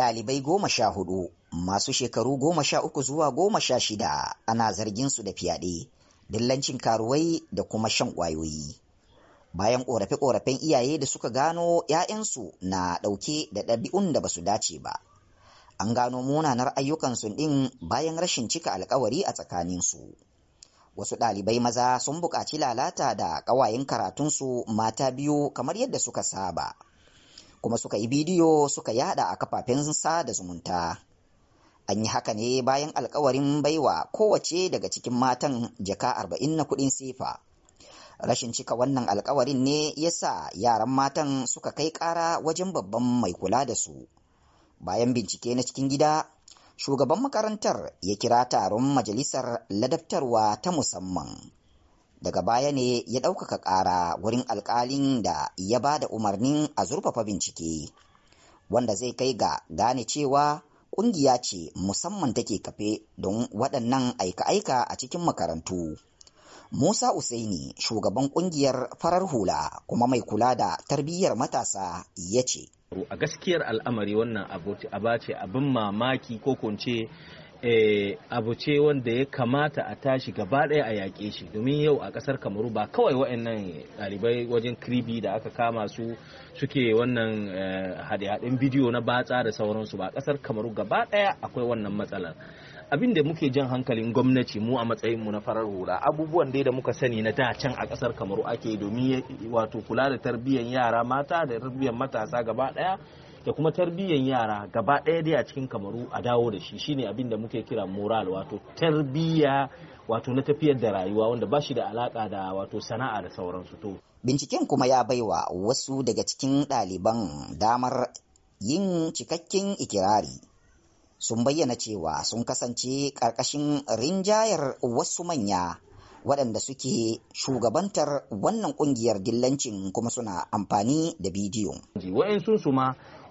ɗalibai goma sha hudu masu shekaru goma sha uku zuwa goma sha shida ana zargin su da fyaɗe dillancin karuwai da kuma shan ƙwayoyi bayan ƙorafe-ƙorafen iyaye da suka gano 'ya'yansu na ɗauke da ɗabi'un da basu dace ba an gano munanar ayyukansu ɗin bayan rashin cika alkawari a tsakaninsu wasu ɗalibai maza sun buƙaci lalata da ƙawayen karatunsu mata biyu kamar yadda suka saba kuma suka yi bidiyo suka yada a kafafen sada zumunta an yi haka ne bayan alkawarin baiwa kowace daga cikin matan jaka arba'in na kudin sefa rashin cika wannan alkawarin ne ya sa yaran matan suka kai kara wajen babban mai kula da su bayan bincike na cikin gida shugaban makarantar ya kira taron majalisar ladabtarwa ta musamman daga baya ne ya ɗaukaka ƙara wurin alƙalin da ya ba da umarnin a zurfafa bincike wanda zai kai ga gane cewa ƙungiya ce musamman take kafe don waɗannan aika-aika a cikin makarantu musa usaini shugaban ƙungiyar farar hula kuma mai kula da tarbiyyar matasa ya ce a gaskiyar al'amari wannan abu ce abin mamaki ko kunce Eh, abu ce wanda ya kamata a tashi gaba ɗaya a yaƙe shi domin yau a ƙasar kamaru ba kawai wa'annan ɗalibai wajen kribi da aka kama su suke wannan eh, haɗe-haɗen bidiyo na batsa da sauransu ba a ƙasar kamaru gaba ɗaya akwai wannan matsalar abin da muke jan hankalin gwamnati mu a matsayin mu na farar hula abubuwan dai da muka sani na da can a ƙasar kamaru ake domin wato kula da tarbiyyar yara mata da tarbiyyar matasa gaba ɗaya da kuma tarbiyyan yara gaba ɗaya dai a cikin kamaru a dawo da shi shine abin da muke kira moral wato tarbiyya wato na tafiyar da rayuwa wanda ba shi da alaka da wato sana'a da sauransu to binciken kuma ya baiwa wasu daga cikin ɗaliban damar yin cikakken ikirari sun bayyana cewa sun kasance ƙarƙashin rinjayar wasu manya waɗanda suke shugabantar wannan ƙungiyar dillancin kuma suna amfani da bidiyo. Wa'in sun su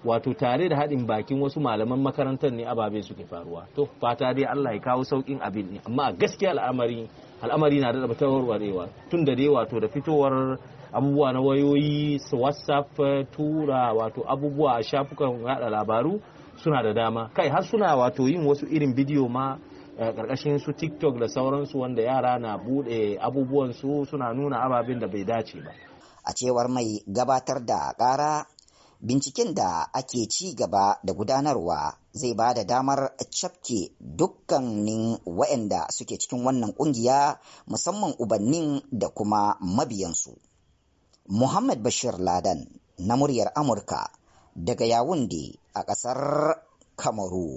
wato tare da haɗin bakin wasu malaman makarantar ne ababe suke faruwa to fata dai Allah ya kawo saukin abin ne amma gaskiya al'amari al'amari na da warewa tun da dai wato da fitowar abubuwa na wayoyi su whatsapp tura wato abubuwa a shafukan yada labaru suna da dama kai har suna wato yin wasu irin bidiyo ma karkashin eh, su tiktok da sauransu wanda yara na bude abubuwan su suna nuna ababen da bai dace ba a cewar mai gabatar da kara Binciken da ake ci gaba da gudanarwa zai ba da damar cafke dukkanin waɗanda suke cikin wannan ƙungiya musamman ubannin da kuma mabiyansu. Muhammad Bashir Ladan na muryar Amurka daga Yawunde a ƙasar Kamaru.